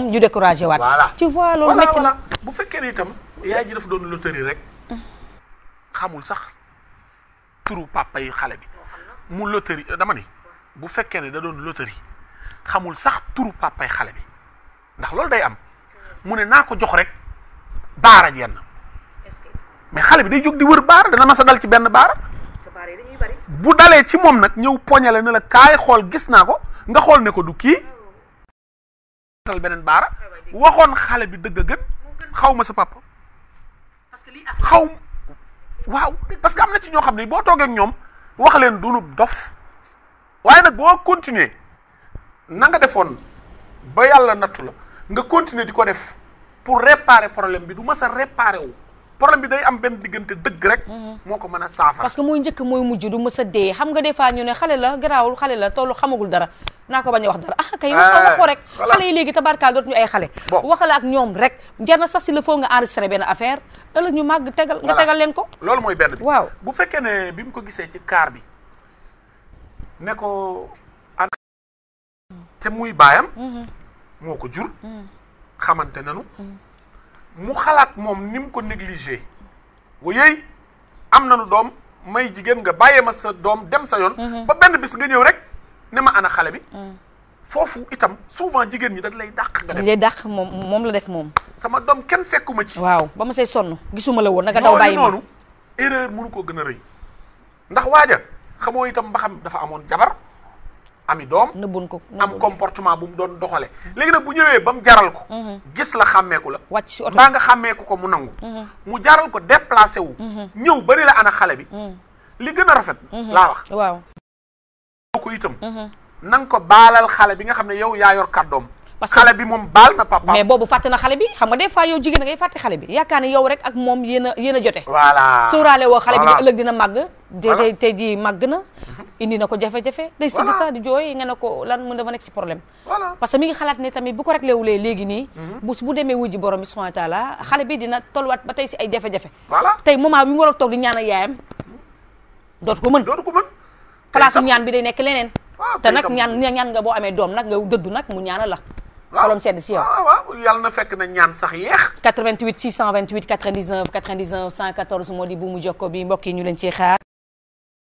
moom ñu découragé waat. voilà tu vois loolu métti na bu fekkee ne itam yaay ji dafa doon loterie rek. xamul sax turu papa xale bi mu loterie dama ni bu fekkee ne da doon loterie xamul sax turu papa xale bi ndax loolu day am mu ne naa ko jox rek baara jenn mais xale bi day jóg di wër baara dana masa dal ci benn baara bu dalee ci moom nag ñëw poñale na la kaay xool gis naa ko nga xool ne ko du kii. tal beneen baara waxoon xale bi dëgg a gën xaw ma sa papa xaw waaw parce que am na ci ñoo xam ne boo toogee ñoom wax leen dunu dof waaye nag boo continuer na nga defoon ba yàlla nattu la nga continuer di ko def pour réparer problème bi du ma sa réparer wu problème bi day am benn diggante dëgg rek. Mhm. moo ko mën a saafara. parce que muy njëkk muy mujj du mës a dee xam nga des fois ñu ne xale la garaawul xale la tollu xamagul dara naa ko bañ a wax dara ah kay wax ah, wax ko rek. xale ay xale. bon waxal ak ñoom rek jar na sax si la foo nga enregistré benn affaire ëllëg ñu màgg tegal nga tegal leen ko. loolu mooy benn bi waaw. bu fekkee ne bi mu ko gisee ci kaar bi ne ko. te muy baayam. Mhm. moo ko jur. Mhm. xamante nanu mu xalaat moom ni mu ko négligé woyey am na nu doom may jigéen nga bàyyee ma sa doom dem sa yoon. Mhm. ba benn bis nga ñëw rek ne ma ana xale bi. Mm. foofu itam souvent jigéen ñi dañ lay dàq. nga def dañ lay dàq moom moom la def moom. sama doom kenn fekkuma ci. waaw ba ma say sonn gisuma la woon naka daw bàyyi ma noonu erreur mënu ko gën a rëy ndax waaja xamoo itam ba xam dafa amoon jabar. ami doom nëbbun ko am comportement bu mu doon doxale léegi nag bu ñëwee ba mu jaral ko mhm. gis la xàmmeeku la wàcc si oto baa nga xàmmeeku ko mu nangu mhm. mu jaral ko déplacé wu mhm. ñëw bari la ana xale bi li gën a rafet laa wax waaw ko itam na nga ko baalal xale bi nga xam ne yow yaa yor kàddoom parce que xale bi moom baal na papa mais boobu fàtte na xale bi xam nga des fois yow jigéen da ngay fàtte xale bi yaakaar ne yow rek ak moom yéen a yéen a jote voilà sóoraale woo xale bi ne ëllëg dina te jii màgg na indi na ko jafe-jafe day sëgg sax di jooy nga ne ko lan mën dafa nekk si problème parce que mi ngi xalaat ne tamit bu ko réglé wulee léegi nii mhm. bu bu demee wujji borom bi subhanahu wa taala xale bi dina tolluwaat ba tey si ay jafe-jafe tey moment bi mu war a toog di ñaanal yaayam dootu ko mën dootu ko mën place bi mu ñaanal la xolom sedd si yow waaw yàlla na fekk na ñaan sax yeex jokko bi mbokk ñu leen ci xaar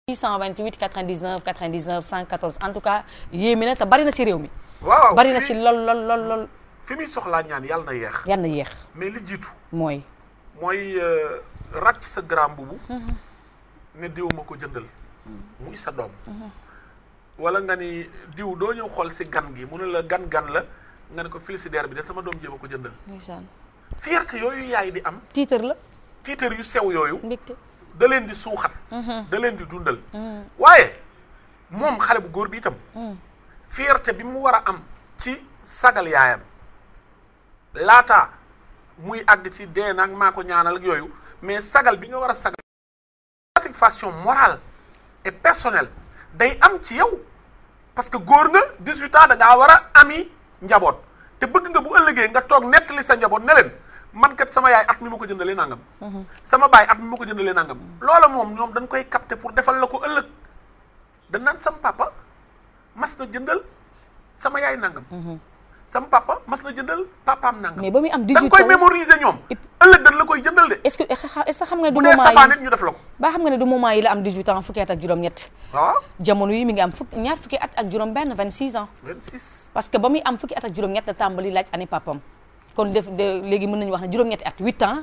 628 99 99 114 en tout cas yéeme na te bari na ci réew mi. waaw bari na ci lool lool lool lool. fi muy soxlaa ñaan yàlla na yeex. yàlla na mais li jiitu. mooy. mooy euh, ràcc sa grand mbubu. Mm-hmm. ne diw ko jëndal. Mm-hmm. muy sa doom. Mm-hmm. wala nga ni diw doo ñëw xool si gan gi mu ne la gan gan la nga ne ko félicitaire bi de sama doom jéem a ko jëndal. ndeysaan. fierté yooyu yaay di am. tiitër la. tiitër yu sew yooyu. da leen di suuxat mhm. da leen di dundal mhm. waaye moom xale bu góor bi itam mhm. fierté bi mu war a am ci sagal yaayam laataa muy àgg ci dee nag maa ko ñaanal ak yooyu mais sagal bi nga war a sagal satisfaction morale et personnelle day am ci yow parce que góor nga 18 ans da ngaa war a ami njaboot te bëgg nga bu ëllëgee nga toog nettali sa njaboot ne leen man kat sama yaay at mi ma ko jëndalee nangam. Mhm. sama baay at mi ma ko jëndalee nangam. loola moom ñoom dañ koy capter pour defal la ko ëllëg dañ naan sam papa mas na jëndal sama yaay nangam. Mhm. sam papa mas na jëndal papaam nangam. mais ba muy am 18 ans dañ koy mémoriser am fukki at ak juróom-ñett. Ah. jamono yi mi ngi am fukki at ak juróom-benn 26 ans. 26 parce ba muy am fukki at ak juróom-ñett la tàmbali laaj année papam kon def léegi mën nañu wax ne juróom-ñetti at huit ans.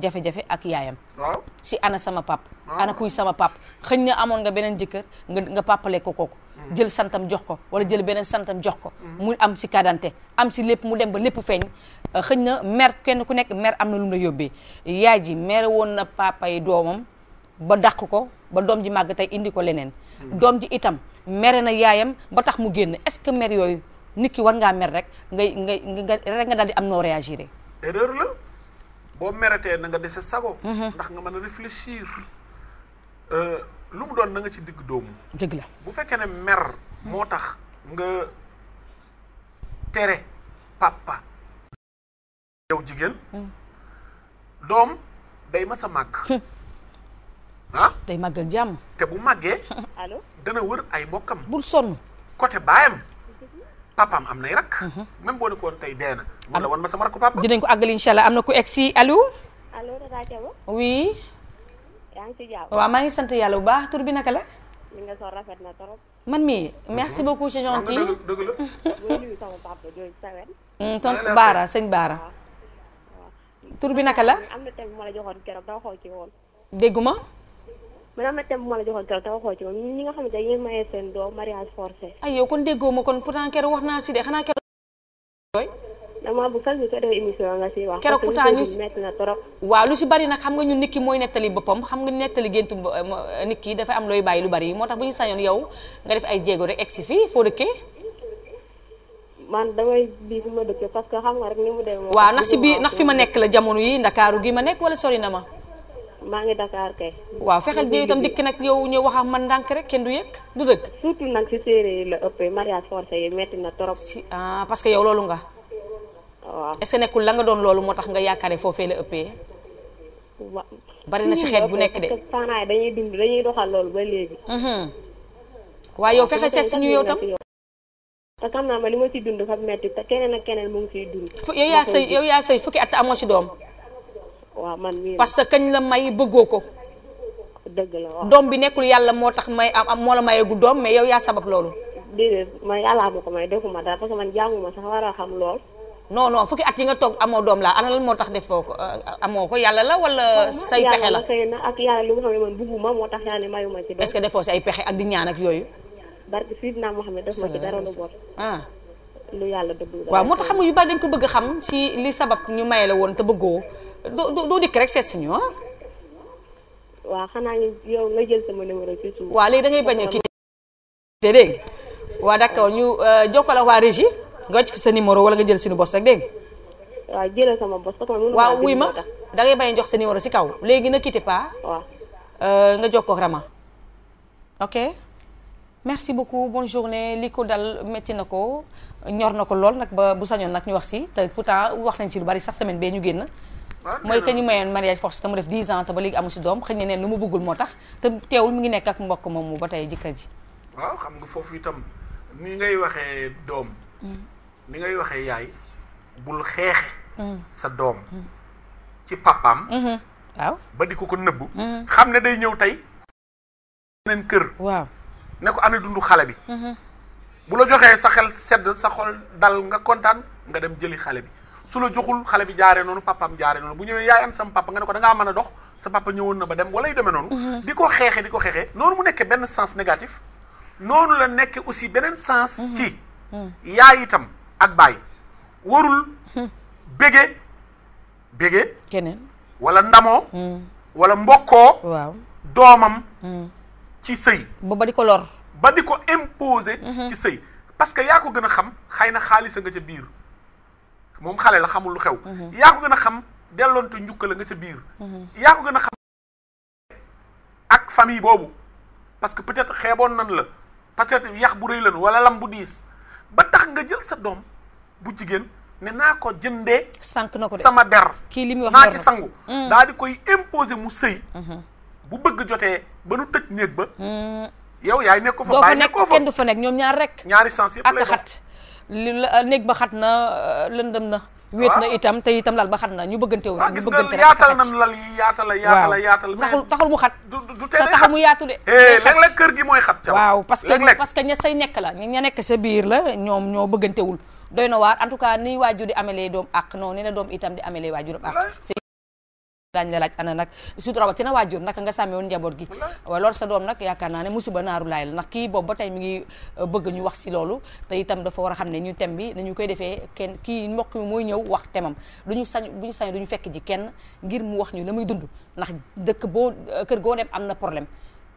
jafe-jafe ak yaayam. waaw si ana sama pap ana kuy sama pap xëñ na amoon nga beneen jëkkër nga nga pàppale ko ko mm. jël santam jox ko wala jël beneen santam jox ko. Mm. mu am si kàddante am si lépp mu dem ba lépp feeñ. Euh, xëñ na mer kenn ku nekk mer am na lu mu la yóbbee yaay ji mere woon na papa doomam ba daq ko ba doom ji màgg tey indi ko leneen. Mm. doom ji itam mere na yaayam ba tax mu génn est-ce que mer yooyu. nit ki war ngaa mer rek ngay ngay nga rek di am noo réagir. erreur la boo meretee na nga dese sago. Mhm. ndax nga mën a réfléchir euh, lu mu doon na nga ci digg doomu. dëgg la bu fekkee ne mer moo tax nga tere papa. yow jigéen. Mhm. doom day mas a màgg. Ah? day màgg ak jàmm. te bu màggee. allo dana wër ay mbokkam. bul sonn. côté baayam. papaam am nay rak. Mhm. même boo nekkoon tey ma sama rakku papa. dinañ ko àggali incha allah am na ku egg si allo. allo Tata Thiaba. oui. yaa ngi ci jàmm. waaw maa ngi sant yàlla bu baax tur bi naka la. li nga rafet na trop. man mii merci mhm. beaucoup c'est gentil. dëgg la dëgg sama papa jooju Sawel. tonton sëñ Baara. tur bi naka la. am na tamit ma joxoon keroog dama xaw ci woon. man am na thème bu ma la joxoon trop taw xoo ci moom ñi nga xamante ne ñu ngi mayee seen ma kon keroog émission nga si wax. keroog pourtant ñu na trop. waaw lu si bari nag xam nga ñu nit ki mooy nettali boppam xam nga nettali géntu nit ki dafa am looy bàyyi lu bari moo tax bu ñu sañoon yow nga def ay jéego rek egg si fii foo dëkkee. man damay bii que xam nga rek ni mu demee. waaw ndax si bii ndax fi ma nekk la jamono yi ndakaaru gi ma nekk wala sori na ma. maa ngi Dakar waaw fexeel jëy itam dikk nag yow ñëw wax man ndànk rek kenn du yëg du dëgg. surtout nag si séeréer ëppee mariage forcé metti na trop. si ah, parce que yow loolu nga. waaw nekkul la nga doon loolu moo tax nga yaakaare foofee la ëppee. wa na si xeet bu nekk de. parents yi dañuy dund dañuy doxal loolu ba léegi. Mhm. waaye yow fexe seet si ñu yow tam. te xam naa ma li ma ciy dund fa metti te keneen ak keneen mu ngi siy dund. yow yaa sëy yow yaa sëy fukki at amoo si doom. waaw man mii parce que kañ la may bëggoo ko. dëgg la waaw doom bi nekkul yàlla moo tax may am moo la mayagul doom mais yow yaa sabab loolu. déedéet man yàlla ma ko may defuma dara parce que man jànguma sax war a xam lool. non non fukki at yi nga toog amoo doom laa ana lan moo tax defoo ko euh, amoo ko yàlla la wala. say pexe la ak yàlla li nga xam ne man bugguma moo tax yàlla ma ci. est-ce que defoo si ay pexe ak di ñaan ak yooyu. barke Sidna Muhammad def lu yàlla dëgg waaw moo tax xam nga yu bari dañ ko bëgg xam si li sabab ñu maye la woon te bëggoo doo doo dikk rek seet si ñu ah. waaw xanaa ñu yow nga jël sama numéro bañ a quitté dégg nga waaw d'accord ñu euh, jokkal ak fi sa numéro wala nga jël suñu bos rek dégg nga. waaw jëlal sama wuy ma dangay ngay bañ jox sa numéro si kaw léegi na quitté pas. Euh, nga jokkoo rama ok merci beaucoup bonne journée li ko dal métti na ko. ñor na ko lool nag ba bu sañoo nag ñu wax si te pourtant wax nañ ci lu bari sax semaine bee ñu génn mooy que ñu mayoon mariage forcé te mu def 10 ans te ba léegi amul si doom xëy na neen lu mu ngi nekk ak mbokk moomu ba tey jëkkër ji waaw xam nga foofu itam ni ngay waxee doom mm. ni ngay waxee yaay bul xeex mm. sa doom mm. ci papaam mm-hmm. waaw ba di ko ko nëbb xam ne day ñëw tey beneen kër waaw ne ko ana dundu xale bi mm-hmm. bu la joxee sa xel sedd sa xol dal nga kontaan nga dem jëli xale bi su la joxul xale bi jaaree noonu papaam jaare noonu bu ñëwee yaay am sam papa nga ne ko da ngaa a dox sa papa ñëwoon na ba dem wala yu demee noonu. Mhm. di ko xeexee di ko xeexee. noonu mu nekkee benn sens négatif noonu la nekkee aussi beneen sens. Mhm. ci mhm. yaay itam ak baay warul. bége bége. keneen wala ndamoo. wala mbokkoo. doomam. ci sëy. ba ba di ko lor. ba di ko imposer. ci mhm. sëy parce que yaa ko gën a xam xëy na xaalis nga ca biir moom xale la xamul lu xew. Mhm. yaa ko gën a xam delloonte njukkal a nga ca biir. Mhm. yaa ko gën a xam ak fami boobu parce que peut-être xeeboon nan la peut-être yax bu rëy lan wala lam bu diis ba tax nga jël sa doom bu jigéen. ne naa ko jëndee. sànq na ko de sama der. kii li muy wax naa ci sangu. Mm. daal di koy imposer mu sëy. bu bëgg jotee ba nu tëj néeg ba. Mm. yow yaay nekk ko fa bàyyi nekk ko fa doo fa nekk kenn du fa nekk ñoom ñaar rek. ñaari sens xat euh, néeg ba xat na euh, lëndëm na. Ah. wéet na itam te itam lal ba xat na ñu bëggante wu ah, bëggante la yaatal la yaatal taxul taxul mu xat du te taxul mu yaatu de eh, léeg-léeg kër gi mooy xat waaw parce que parce que ña say nekk la ña nekk sa biir la ñoom ñoo bëggantewul doy na waar en tout cas ni waajur di amelee doom ak non ni doom itam di amelee waajuram ak dañ la laaj ana nag surtout rawatina waajur naka nga sàmmee woon njaboot gi waaw loolu sa doom nag yaakaar naa ne musiba naaru laay la ndax kii boobu ba tey ngi euh, bëgg ñu wax si loolu te itam dafa war a xam ne ñu tem bi nañu koy defee kenn kii mbokk mi mooy ñëw wax temam du ñu sañ bu ñu sañ du ñu fekk ji kenn ngir mu wax ñu la muy dund ndax dëkk boo euh, kër goo dem am na problème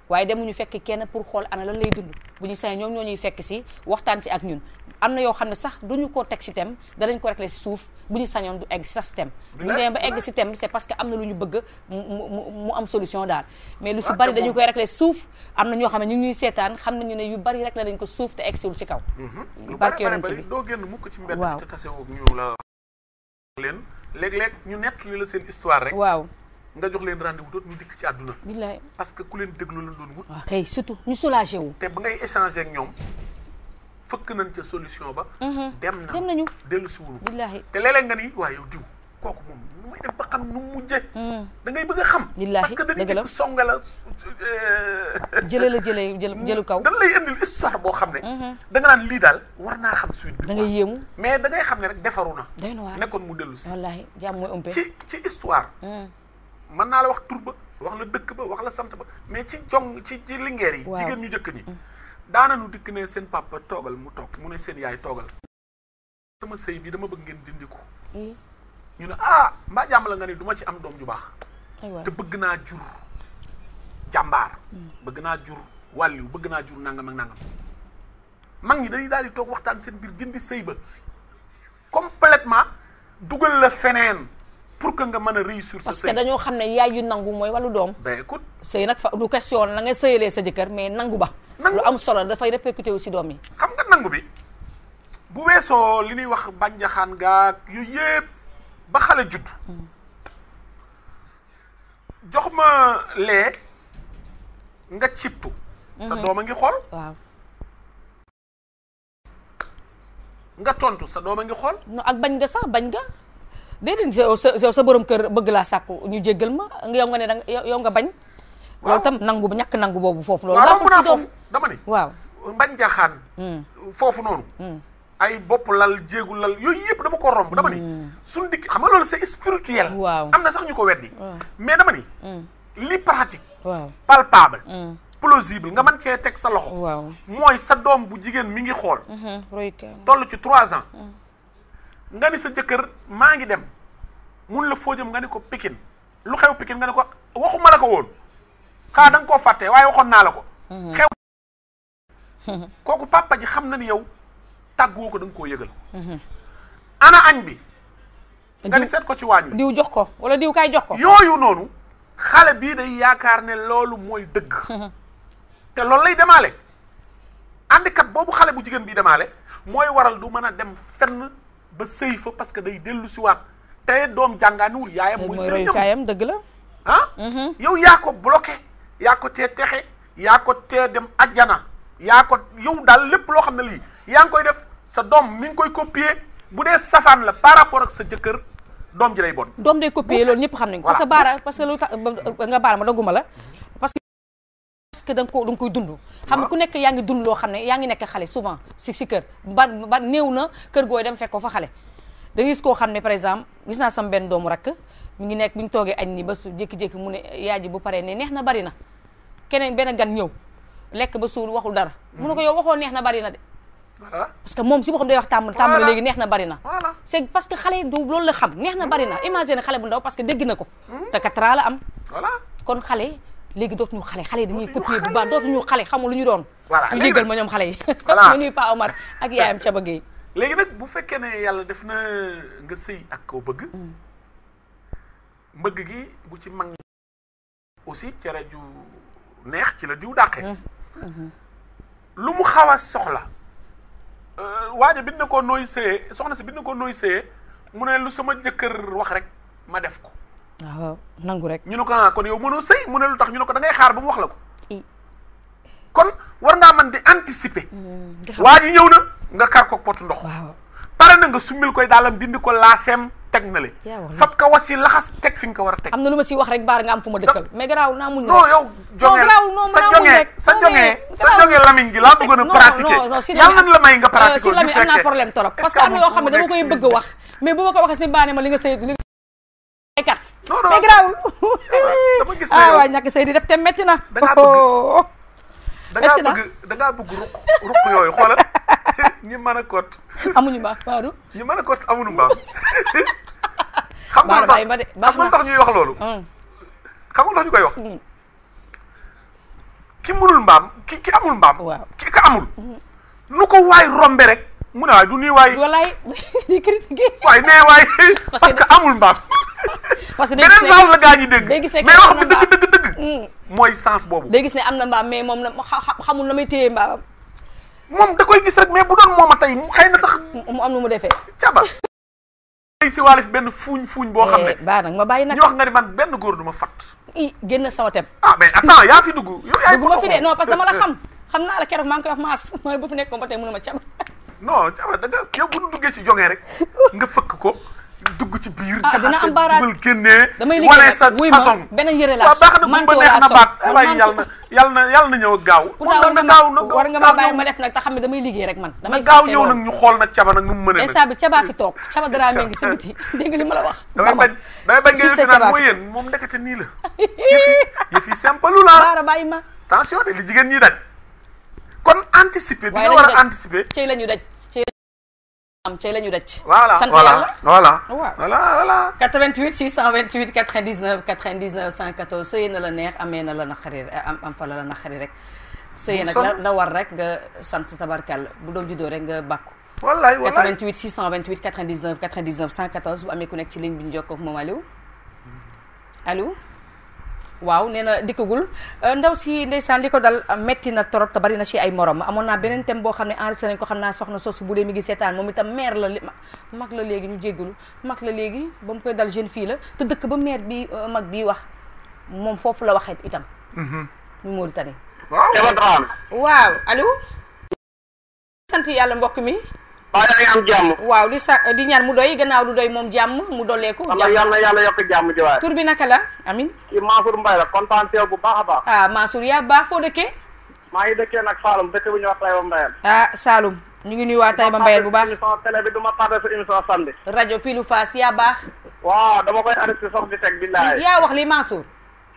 waaye dem ñu fekk kenn pour xool ana lan lay dund bu ñu sañ ñoom ñoo ñuy fekk si waxtaan si ak ñun am na yoo xam ne sax duñu ko teg si tem danañ ko réglé si suuf bu ñu sañoon du egg si sax si tem bu ñu demee ba egg si tem parce que am na lu ñu bëgg mu am solution daal mais lu si bari dañu koy réglé si suuf am na ñoo xam ne ñu ngi ñuy seetaan xam ñu ne yu bari réglé nañ ko suuf te egg siwul si kaw mm-hmm. barke yonent bi doo génn mukk ci mbedd te ñu la leen léeg-léeg waaw nga jox leen rendez-vous doot dikk ci àdduna. billaay parce que ku leen déglu la doon wut. waaw kay surtout ñu soulagé te ba ngay échanger ak fëkk nañ ca solution ba. Mhm. dem na dem nañu dellu si wul. billaay te léeg-léeg nga ni waa yow diw kooku moom nu may def ba xam nu mu mujjee. Mhm. da ngay bëgg a xam. billaay dëgg la parce la. Euh, jëlee la jëlee kaw. dañ lay indil histoire boo xam ne. Mhm. da nga lii daal war naa xam suite bi. da ngay da xam ne rek defaru na. day na waar nekkoon mu dellu si. wallaahi mën naa la wax tur ba wax la dëkk ba wax la sant ba mais ci jong ci ci lingeer yi jigéen ñu jëkk ni mm. daana nu dikk ne seen papa toogal mu toog mu ne seen yaay toogal sama sëy bi dama bëgg ngeen dindi ko mm. ñu ne ah mbaa jàmm la nga ci am doom ju baax te bëgg naa jur jàmbaar mm. bëgg naa jur wàlliw bëgg naa jur nangam ak nangam mag ñi dañuy daal di toog waxtaan seen biir dindi sëy ba complètement dugal la feneen pour que nga mën a réussir sa sëy que dañoo xam ne yaay yu nangu mooy wàllu doom ben écoute sëy nag fa du question la nga sëyalee sa jëkkër mais nangu ba lu am solo dafay répercuté wu si doom yi xam nga nangu bi bu weesoo li ñuy wax bànjaxaan gaak yu yëpp ba xale judd jox ma lee nga cibtu sa mhm. doom a ngi xool nga tontu sa doom a ngi xool non ak bañ nga sax bañ nga déedéet sa sa borom kër bëgg laa sàkku ñu jéggal ma yow nga ne danga yow nga bañ. loolu tam nangu ñàkk nangu boobu foofu. loolu baaxul si doom dama waaw mbañ jaxaan. Hmm. foofu noonu. Hmm. ay bopp lal jéegu lal yooyu yëpp dama ko romb. dama ni hmm. suñu dikk xam nga loolu c'est spirituel. waaw am na sax ñu ko weddi. mais dama ni. li pratique. waaw palpable. plausible nga man cee teg sa loxo. waaw mooy sa doom bu jigéen mi ngi xool. roy toll ci trois ans. nga ni sa jëkkër maa ngi dem mun la foo dem nga ni ko pikin lu xew pikin nga ni ko waxuma la ko woon xaa da koo fàtte waaye waxoon naa la ko mhm. xew mhm. kooku papa ji xam na ni tàgg tàggoo ko da koo yëgal mhm. ana añ bi nga ni seet ko ci waañ wi diw jox ko wala diw kay jox ko yooyu noonu xale bii day yaakaar ne loolu mooy dëgg te loolu lay demaale handicap boobu xale bu jigéen bi demaale mooy waral du mën a dem fenn ba sëy fa parce que day dellu si waat te doom jàngaaniwul yaayam mooy sëriñam dëgg la ah mhm. yow yaa ko bloqué yaa ko tee texe yaa ko tee dem ajjana yaa ko yow daal lépp loo xam ne lii yaa ngi koy def sa doom mi ngi koy copier bu dee safaan la par rapport ak sa jëkkër doom ji lay bon doom day copier loolu ñëpp xam nañ ko parce que parce que lu tax nga baara ma dogguma la mhm. que ko nga ko da nga koy dund ah. xam nga ku nekk yaa ngi dund loo xam ne yaa ngi nekk xale souvent si si kër ba ba néew na dem fekk ko fa da koo xam ne par exemple gis naa benn doomu rakk mi ngi nekk bi ñu toogee añ ni ba su jékki-jékki mu ne yaay ji paree ne neex na bari na keneen benn gan ñëw lekk ba suur waxul dara mu ne ko hmm. yow waxoo neex na bari na de voilà parce que moom si léegi neex na bari na c'est parce que xale du loolu na bari na hmm. imagine xale bu ndaw parce que dégg na ko hmm. te quatre ans la am kon xale léegi dootuñu xale xale yi dañuy copier bu baax dootuñu xale xamul lu ñu doon ñu jéggal ma ñoom xale yi ma nuyu Pa Omar ak yaayam ca bëgg yi léegi nag bu fekkee ne yàlla def na nga sëy ak koo bëgg mm. mbëgg gi bu ci mag aussi cere ju neex ci la diw dàqe mm. mm-hmm. lu mu xaw a soxla euh, waaja bind na ko nooy sëyee soxna si bind na ko nooy sëyee mu ne lu sama jëkkër wax rek ma def ko waaw nangu rek ñu ne ko ah kon yow mënoo sëy mu ne lu tax ñu ne ko dangay xaar ba mu wax la ko kon war ngaa mën di anticiper mm, waa ñëw na nga kar ko potu ndox pare na nga summil koy daalam a teg na lu ma si wax naa muñ non sa jonge sa jonge sa jonge laa bëggoon a na pratiquer euh, parce que am yoo xam ne dama koy bëgg wax mais bu ko waxee si baane ma li nga sëy non non mais garaawul. dama gis ne ah waay ñàkk di def te métti na. da ngaa oh. bëgg da ngaa bëgg ruq ruq yooyu xoolal ñi mën a kot. amuñu mbaax Badou. ñi mën a kot amuñu mbaax. xam nga tax xam nga tax ñuy wax loolu. Hmm. xam nga koy wax. Hmm. ki mënul mbaam ki ki amul mbaam. ki ka amul. nu ko waay rombe rek. mu ne waay du nii waay. walaay di critiquer. nee waay parce amul mbaam. parce que day gis ne beneen sens la gaa ñi dégg. day gis ne mais wax dëgg dëgg hmm. mooy sens boobu. day gis ne am na mbaam mais moom xamul na may téye mbaam. moom da koy gis rek mais bu doon moom a tey xëy na sax. mu am nu mu defee. caba ay si waale fi benn fuuñ fuuñ boo xam ne. Eh, baax nag bàyyi nag ñu wax nga ni man benn góor du ma fat. i génn sama tem. ah mais yaa fi dugg. yow yaay dugg ma fi parce que dama la xam xam naa la keroog maa ngi koy wax maas mooy bu fi nekkoon ba tey mënuma caba. non caba da nga yow bu ñu duggee ci jongee rek nga fëkk ko dugg ci biir. ah dina am barrage jaxase dugal sa damay liggéey rek wuy ma beneen yëre laa na yàlla na yàlla gaaw. pourtant war nga ma bàyyi ma xam ne damay liggéey rek man. damay gaaw ñëw nag ñu xool nag caba nag nu mu mën a. instant bi caba fi toog caba dara mi ngi si biti dégg nga ma la wax. damay bañ damay nii la. ma. tension de li jigéen ñi daj. kon anticiper bi nga war a anticiper. cey la ñu daj am cay la ñu daj. voilà sant yàlla voilà voilà voilà. 88 628 99 99 114 sëy na la neex amee na la naqari rek. sëy nag la war rek nga sant tabarkàlla bu doom juddoo rek nga bàkku. wallaay wallaay 88 628 99 99 114 bu amee ku nekk ci ligne bi ñu jokkoo ak moom allo allo. waaw nee na dikkagul euh, ndaw si ndeysaan li ko dal metti na trop te bari na si ay morom amoon naa beneen thème boo xam ne enregistré nañ ko xam naa soxna sos bu dee mi ngi seetaan moom itam maire la mag la léegi ñu jéggalu mag la léegi ba mu koy dal jeune fille la te dëkk ba maire bi euh, mag bii wax moom foofu la waxee itam ñu mhm. Mauritanie waaw allo sant yàlla mbokk mi waaw yaa ngi am jàmm waaw di sa di ñaan mu doy gannaaw du doy moom jàmm mu dolleeku jàmm yàlla yàlla yokk jàmm ji waay tur bi naka la amin kii Mansour Mbaye la kontaan teew bu baax a baax ah Mansour yaa baax foo dëkkee maa ngi dëkkee nag Saalum dëkk bu ñuy wax Taïba Mbayeen ah Saalum ñu ngi nuyu waa Taïba Mbayeen bu baax émission télé bi du ma tardé sa émission samedi rajo Pilou Fass yaa baax waaw dama koy arrêté sax di teg billaay yaa wax li Mansour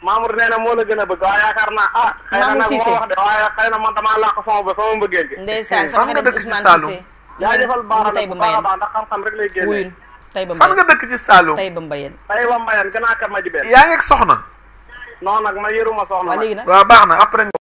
Mamour nee moo la a yaa defal baara nag bu baax a baax ndax xam-xam rek lay génne wuyul Taïba Mbayeen fan nga dëkk ci Saloum Taïba Mbayeen Taïba Mbayeen gannaaw ka ma ji benn yaa ngeeg soxna non nag ma yëruma soxna waaw léegi nag waaw baax na après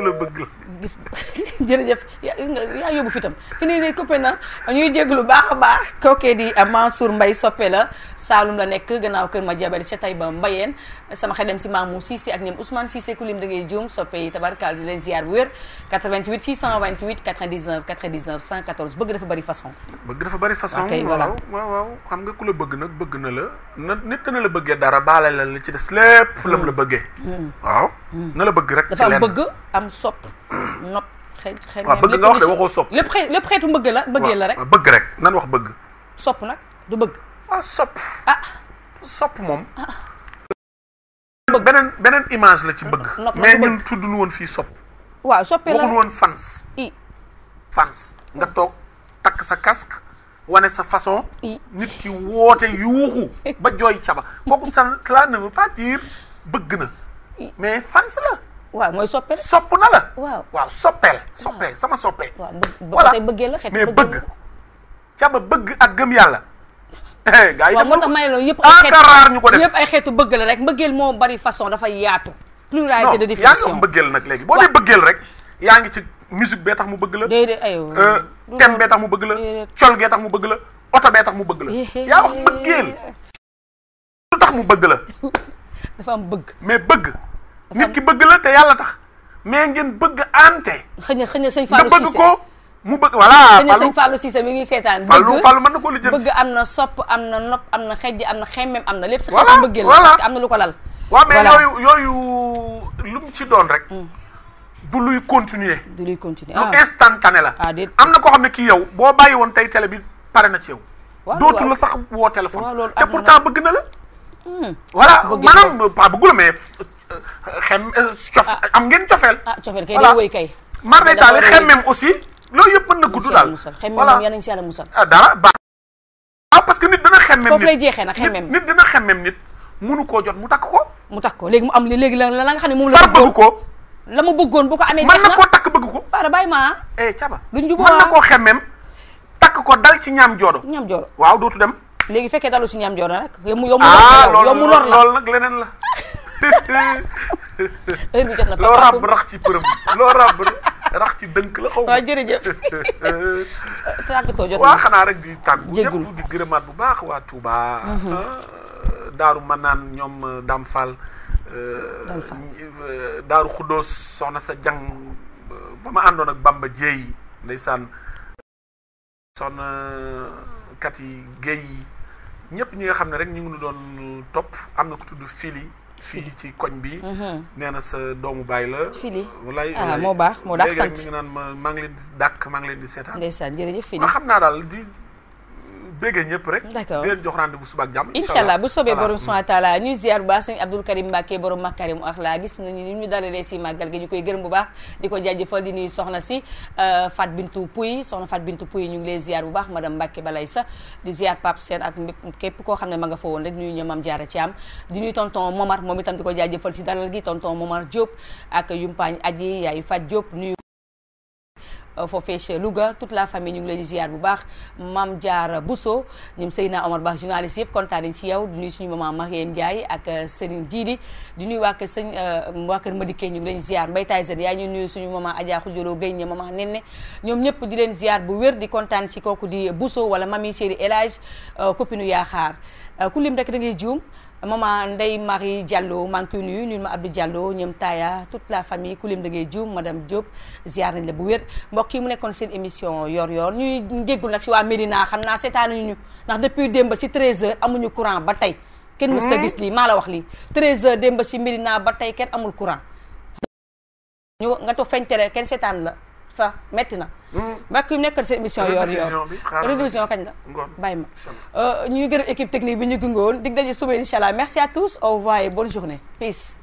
ku la bëgg. bis jërëjëf yaa yóbbu fitam fi nii ne coppe na ñuy jéglu baax a baax kookee di eh, Mansour Mbaye soppe la Saalum la nekk gannaaw kër ma jabari ca tay ba mbayeen sama xel dem si Mamou Cissé ak ñoom Ousmane Cissé ku lim da ngay juum soppe yi tabarkaal di leen ziar bu wér 88 628 99 99 114 bëgg dafa bari façon bëgg dafa bari façon waaw waaw xam nga ku la bëgg nag bëgg na la na nit dana dara baale la li ci des la bëggee hmm. Hmm. Hmm. na la bëgg rek ci dafa bëgg am sopp nopp xëy xëy waaw bëgg nga wax de waxoo sopp lépp xëy lépp xeetu mbëgg la bëggee la rek bëgg rek nan wax bëgg sopp nag du bëgg ah sopp ah. moom ah. beneen beneen image la ci bëgg mais ñun tudd nu woon fii sopp waaw soppee la waxuñu woon fans hmm. nga toog takk sa kask wane sa façon nit ki woote yuuxu ba jooy caba kooku ça cela ne veut pas bëgg na mais fans la. waaw mooy soppe la sopp na la. waaw waaw soppeel. soppeel sama soppeel. waaw bë bëggee la xet mais bëgg. ca ba bëgg ak gëm yàlla. Eh, gaa yi def moo tax may loolu yëpp ay ah, xeetu ko def ay xeetu bëgg la rek mbëggeel moo bari façon dafa yaatu. pluralité de définition non yaa ngi mbëggeel nag léegi boo dee bëggeel rek yaa ngi ci. musique bee tax mu bëgg la déedéet ayoo euh, thème bee tax mu bëgg la col gee tax mu bëgg la oto bee tax mu bëgg la yaa wax bëggeel lu tax mu bëgg la dafa am bëgg mais bëgg nit ki bëgg la te yàlla tax mais ngeen bëgg ante xëy na xëy na sëñ Fallou Cissé nga mu bëgg voilà xëy na sëñ Fallou Cissé mi ngi seetaan Fallou Fallou mën na ko lijjanti bëgg am na sopp am na nopp am na xejj am na xemmem am na lépp si xeetu mbëggeel la am na lu ko lal waaw mais yooyu yooyu lu mu ci doon rek mm. du luy continuer du luy continuer lu ah. instantané la ah, am na koo xam ne kii yow boo bàyyi woon tey télé bi pare na ci yow dootul la sax woo téléphone te pourtant bëgg na la hmm. voilà maanaam pas bëggu xem cof am ngeen cofeel. ah cofeel kay day wëy kay. mar day taale aussi loolu yëpp na gudd daal. voilà yal nañu si yàlla musal ah dara baax. parce que nit dina xemmem nit foofu jeexee nag xemmem nit dina xemmem nit munu koo jot mu takk ko. mu takk ko léegi mu am li léegi la la nga xam ne moom la. far bëgg ko la mu bëggoon bu ko amee. jeex na mën na koo takk bëgg ko. baara bàyyi ma eh caba duñ jubóo mën na koo xemmem takk ko dal ci ñaam joodo. ñaam joodo waaw dootu dem. léegi fekkee dalu si ñaam joodo nag. Ah, yow mu lor la yow la heure bi jox na loo ràbb rax ci përëm loo ràbb rax ci dënk la xaw ma. waaw jërëjëf. tàggatoo jot waa xanaa rek di tàggu. jégalu di gërëmaat bu baax waa Touba. Mhm. Ah, Daaru Manaan ñoom euh, Dame Fall. Euh, Dame Fall euh, Daaru Xuddoos soxna sa jàng ba ma àndoon ak Bamba Dieye ndeysaan soxna kat yi géey yi ñëpp ñi nga xam ne rek ñu ngi doon topp am na ku tudd fili fii ci koñ bi. Mhm. nee na sa doomu baay la. fili ah moo baax moo dàq sant léegi ma maa ngi leen di dàq maa ngi leen di seetaan. ndeysaan jërëjëf fili. ma xam naa daal di. béggee ñëpp rek d'accord di leen jox rendez-vous suba ak jàmm incha bu sobee borom subhanahu taala ñuy ziar bu baax sëñ Abdoul Karim Mbacke borom makarimu axlaa gis ni ñu dalalee si màggal gi ñu koy gërëm bu baax di ko jaajëfal di nuyu soxna si euh, Fat Bintou Pouy soxna Fat Bintou Pouy ñu ngi lay ziar bu baax madame Mbacke balay sa di ziar Pape Sène ak képp koo xam ne ma nga fa woon rek nuyu ñoom Mame Diarra Thiam di tonton Momar moom itam di ko jaajëfal si dalal gi tonton Momar Diop Euh, foofee ca Louga toute la famille ñu ngi leen di ziar bu baax Mame Diarra Bousso ñoom Seydina Omar Ba journaliste yëpp kontaan nañ ci yow di nuyu suñu maman Mariam Ndiaye ak euh, Serigne Djili di nuyu waa kër sëñ euh, waa kër Madike ñu ngi leen di ziar Mbaye Tyson yaa ñu nuyu suñu maman Adja Khoudiolo Guèye ñe maman Nenne ñoom ñëpp di leen ziar bu wér di kontaan ci kooku di Bousso wala mami chéri Elage copine yaa xaar ku lim rek da ngay maman Ndeye Marie Diallo maa ngi koy nuyu nuyu ma Abdou Diallo ñoom Taya toute la famille ku lim da ngay jiw madame Diop ziar nañ la bu wér mbokk yi mu nekkoon seen émission yor-yor ñuy jéggul nag si waa Médina xam naa seetaanuñu ñu ndax depuis démb si 13h amuñu courant ba tey. kenn mës la hmm? gis lii maa la wax lii 13h démb si Médina ba tey kenn amul courant. ñu nga toog feeñ tere kenn seetaan la. fa metti na. nekk hmm. yu nekkoon seen émission. yor yor révision kañ la. bàyyi ma euh, ñuy gërëm équipe technique bi ñu gunge woon dig daje suba merci à tous au revoir et journée peace.